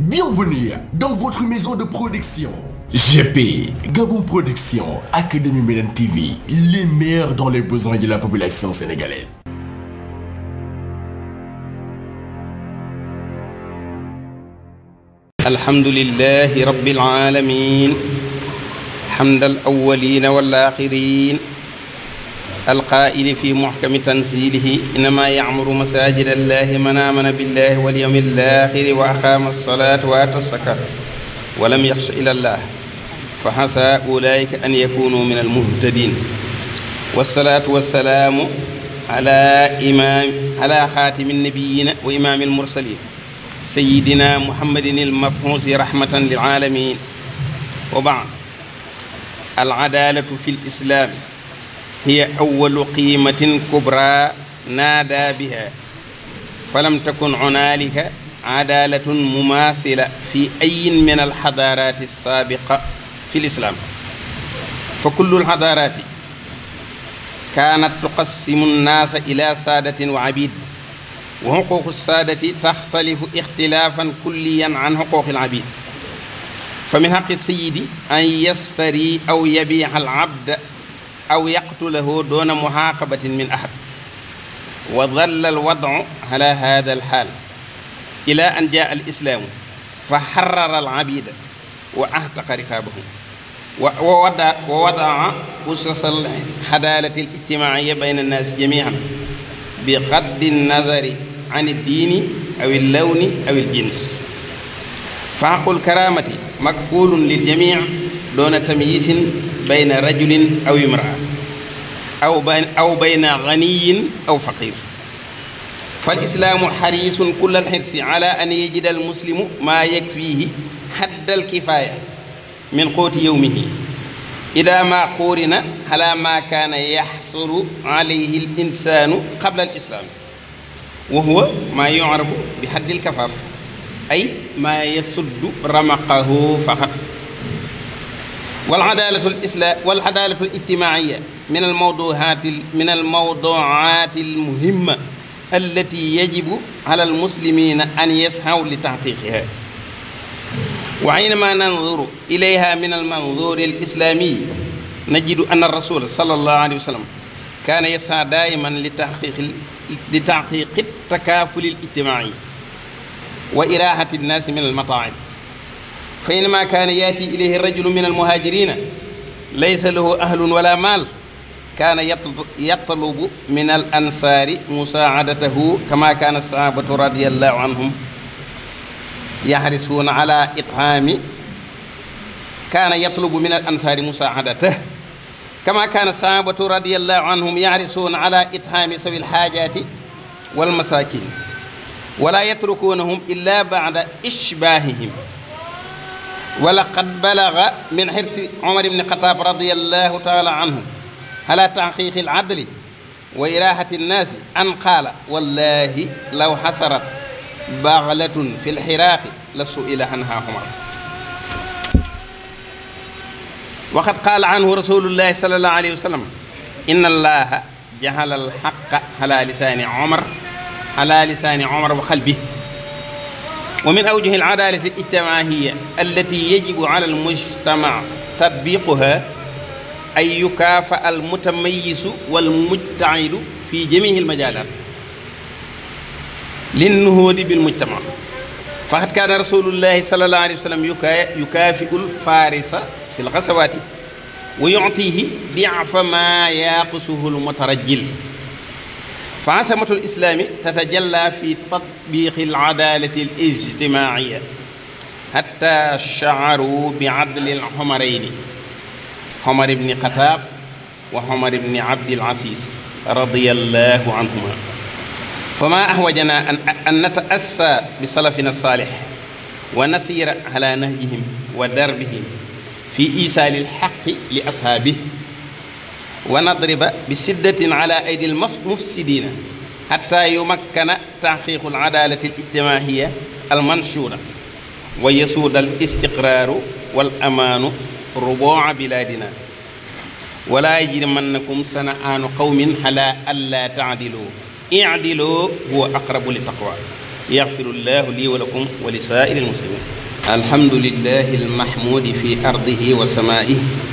Bienvenue dans votre maison de production. GP, Gabon Production, Académie Médan TV, les meilleurs dans les besoins de la population sénégalaise. alhamdulillahi rabbil alamin hamdal awwalin wal القائل في محكم تنزيله إنما يعمر مساجد الله من آمن بالله واليوم الآخر وأقام الصلاة وآتى الزكاة ولم يخش إلى الله فحسى أولئك أن يكونوا من المهتدين والصلاة والسلام على إمام على خاتم النبيين وإمام المرسلين سيدنا محمد المبعوث رحمة للعالمين وبعد العدالة في الإسلام hiya awalu qiimatin kubra naadaa biha falam takun hunaalika cadaalatun mumaathila fi ayin min alxadaaraati alsaabiqa fi lislaam fa kullu alxadaaraati kaanat tuqassimu annaasa ila saadatin wa abiid wa xuquuqu saadati taxtalifu ixtilaafan kulliyan an xuquuqi alabiid fa min xaqi sayidi an yastari aw yabiixa alabda aw yaqtulahu doona muxaaqabatin min ahad wa dalla alwadu ala hada alxaal ila an jaa alislaamu fa xarara alabida wa ahtaqa riqaabahum wa wada wa wadaa usasa alxadaalati alijtimaaciya bayna annaasi jamiican bi qaddi annadari an addiini aw allawni aw aljins faaqu alkaraamati makfuulun liljamiic doona tamyisin bayna rajulin aw imraa aw ba aw bayna ganiyin aw faqir fal islaamu xariisun kullal xirsi ala an yajida al muslimu maa yakfiihi haddal kifaaya min qóoti yowmihi ida maa quurina ala maa kaana yaxsulu alayhi al insaanu qabla al islaami wa huwa maa yucrafu bi haddil kafaaf ay maa yasuddu ramaqahu faqat والعدالة الإسلام والعدالة الاجتماعية من الموضوعات من الموضوعات المهمة التي يجب على المسلمين أن يسعوا لتحقيقها وعندما ننظر إليها من المنظور الإسلامي نجد أن الرسول صلى الله عليه وسلم كان يسعى دائما لتحقيق لتحقيق التكافل الاجتماعي وإراحة الناس من المطاعم fa innama kaana yaati ilayhi rajulu min almuhaajirina laysa lahu ahlun wala maal kaana yatalubu min al ansaari musaacadatahu kama kaana saxaabatu radiallahu anhum yaxrisuuna ala it'aami kaana yatlubu min al ansaari musaacadatahu kama kaana saxaabatu radiallahu anhum yaxrisuuna ala it'aami sawi alxaajaati walmasaakin wala yatrukuunahum illa bacda ishbaahihim wala qad balaga min xirsi omar ibni xataab radiallahu taala anhu ala taxqiqi al adli wa irahati nnaasi an qaala wallahi law xasarat baxlatun fi lxiraaqi la suila anha omar waqad qaala anhu rasulullahi salallahu alayhi wa sallam inna allaha jaxala alxaqa ala lisaani omar ala lisaani omar wa qalbi ومن أوجه العدالة الاجتماعية التي يجب على المجتمع تطبيقها أن يكافأ المتميز والمجتهد في جميع المجالات للنهوض بالمجتمع فقد كان رسول الله صلى الله عليه وسلم يكافئ الفارس في الغزوات ويعطيه ضعف ما ياقصه المترجل fa asamatul islaami tatajalla fi tatbiqi al adalati al ijtimaia xatta shaaru bi adli al xomarayni xomar ibni xataab wa xomar ibni abdil asiis radiyallahu anhuma fama ahwajana an nataassa bi salafina saalix wa nasira ala nahjihim wa darbihim fi isaali alxaqi li ashaabihi wa nadriba bi siddatin ala aydi l mufsidina xataa yumakkana taxqiqu aladaalati al ijtimaahiya al manshura wa yasuuda al istiqraaru wal amaanu ruboa bilaadina wala yajrimannakum sana'aanu qawmin ala allaa taadilu iadilu huwa aqrabu li taqwa yaxfiru llahu lii wa lakum wa li saa'iri almuslimin alhamdulillahi almahmudi fi ardihi wa samaa'ihi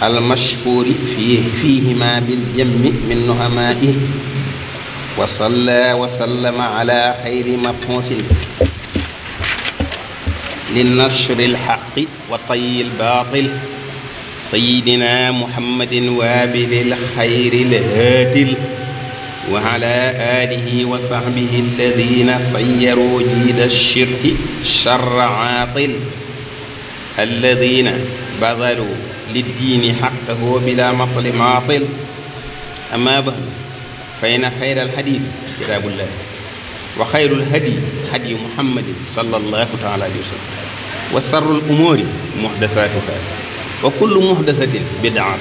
almashkuuri fii fiihima biljammi min nuhamaa'i wa salla wa sallama ala xayri mabxuusin linashri alxaqi wa tayyi albaatil sayidina muhammadin waabili alxayri alhaatil wa ala aalihi wa saxbihi alladina sayyaru jiida alshirki sharra aatil alladina badaru للدين حقه بلا مطل معطل أما بعد فإن خير الحديث كتاب الله وخير الهدي هدي محمد صلى الله تعالى عليه وسلم وشر الأمور محدثاتها وكل محدثة بدعة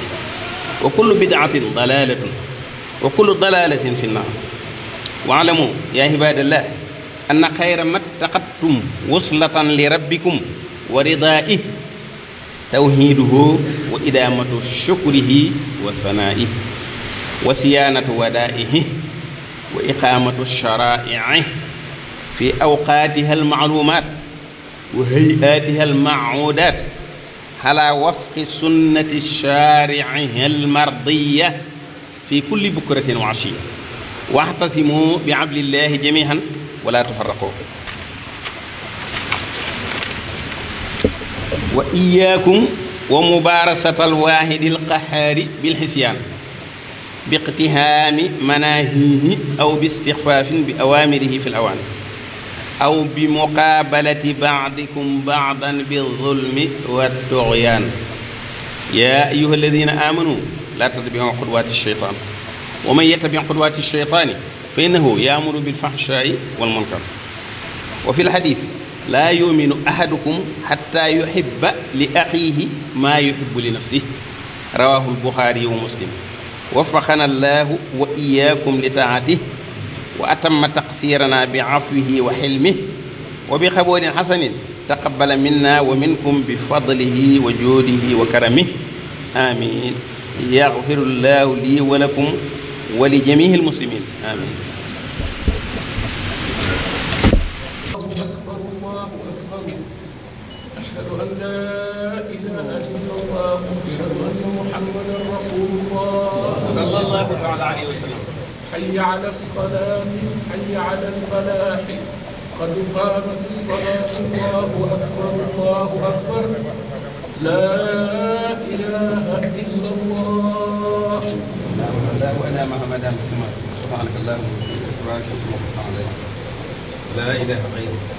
وكل بدعة ضلالة وكل ضلالة في النار واعلموا يا عباد الله أن خير ما اتقدتم وصلة لربكم ورضائه tawxiiduhu wa idaamatu shukrihi wa sanaa'ihi wa siyaanatu wadaa'ihi wa iqaamatu sharaa'ihi fi awqaatiha almaaluumaat wa hay'aatiha almawuudaat ala wafqi sunnati shaari'iha almardiya fi kulli bukratin wa ashiya waxtasimu bi hablillahi jamii'an wa laa tafarraqu wa iyaakum wa mubaarasata alwaahidi alqahaari bilxisyaan biqtihaami manaahihi aw bi istixfaafin bi awaamirihi fi lawaan aw bi muqaabalati baadikum baadan bilzulmi wattugyaan yaa ayuha alladina aamanu laa tattabiu xudwaati sheytaan wa man yattabi xudwaati sheytaani fa innahu yaamuru bilfaxshaa'i walmunkar wa fi lxadiis laa yuminu ahadukum xatta yuhibba li axiihi maa yuhibbu li nafsihi rawaahu albuxaari wa muslim wafaxana allaahu wa iyaakum li taatih wa atamma taqsiiranaa bi afwihi wa xilmih wa bi xaboorin xasanin taqabbala minna wa minkum bi fadlihi wa joodihi wa karamih amin yaxfiru llaahu lii wa lakum wa li jamiihi almuslimin amin أشهد أن لا إله إلا الله أشهد أن محمدا رسول الله صلى الله تعالى عليه وسلم حي على الصلاة حي على الفلاح قد قامت الصلاة الله أكبر الله أكبر لا إله إلا الله لا ولا محمد سبحانك اللهم وبحمدك لا إله غيرك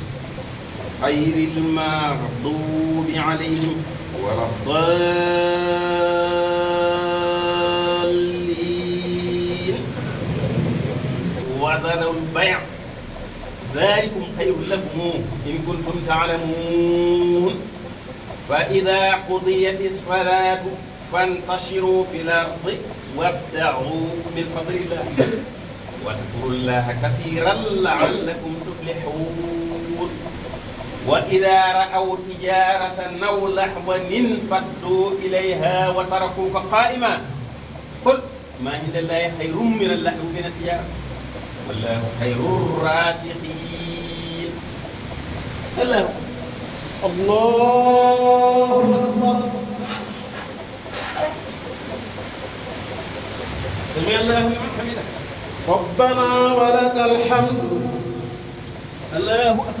غير المغضوب عليهم ولا الضالين وذروا البيع ذلكم خير لكم إن كنتم تعلمون فإذا قضيت الصلاة فانتشروا في الأرض وابتغوا من فضل الله واذكروا الله كثيرا لعلكم تفلحون wa idaa ra'aw tijaaratan aw lahwan infadduu ilayhaa wa tarakuuka qaa'iman qul maa inda llaahi xayrun mina llahwi wa mina tijaara wallaahu xayru raasiqiin allaahu allaahu akbar sami allaahu liman hamidah rabbanaa wa lakal hamd allaahu akbar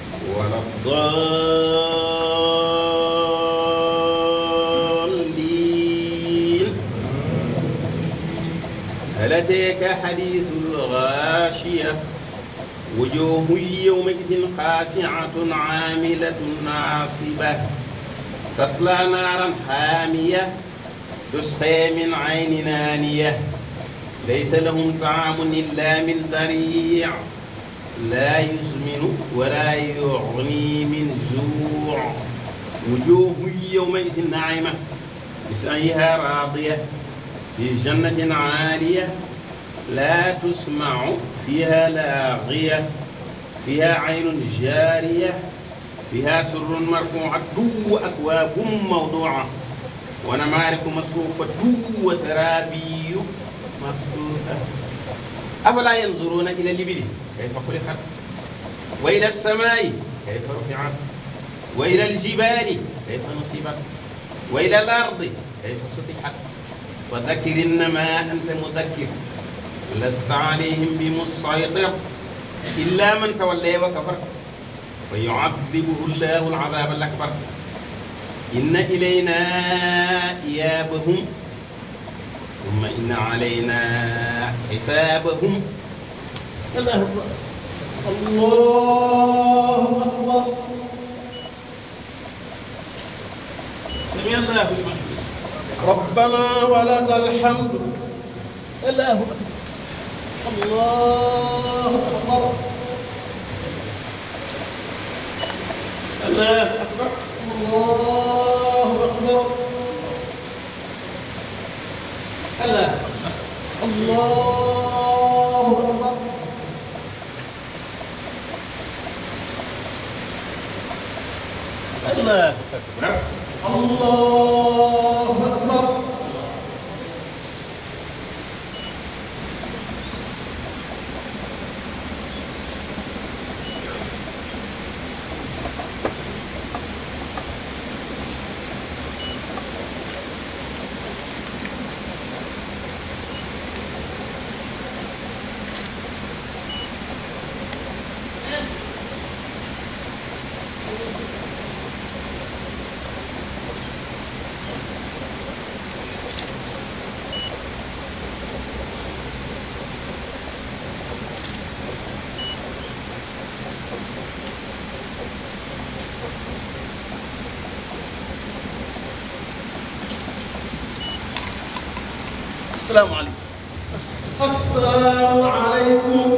ولا الضالين هل أتاك حديث الغاشية وجوه يومئذ خاشعة عاملة ناصبة تصلى نارا حامية تسقى من عين نانية ليس لهم طعام إلا من ضريع laa yusminu wala yuxni min juu wujuuhun yawma'izin naa'imatun lisa'yihaa raadiyatun fii jannatin 'aaliya laa tusma'u fiihaa laaghiyatun fiihaa 'aynun jaariyatun fiihaa surrun marfuu'atun wa akwaabun mawduu'atun wa namaariqu masfuufatun wa saraabiyu mabsuutatun afalaa yanzuruuna ila libili kayfa xuliqat wa ila samaa'i kayfa rufi'at wa ila aljibaali kayfa nusibat wa ila alardi kayfa sutihat wa dakkir innamaa anta mudakkir lasta alayhim bi musaytir illa man tawallaa wa kafar fa yu'adhibuhu llaahu al-'adhaaba al-akbar inna ilaynaa iyaabahum ثم إن علينا حسابهم الله أكبر الله أكبر سمع الله لمن ربنا ولك الحمد الله أكبر الله أكبر الله أكبر الله أكبر كلا الله أكبر الله أكبر الله asalaamaaleykum. asalaamaaleykum.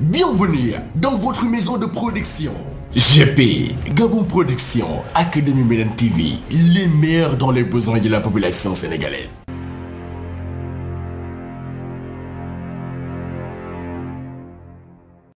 Bienvenue dans votre maison de production. GP, Gabon Production, Académie Médan TV, les meilleurs dans les besoins de la population sénégalaise.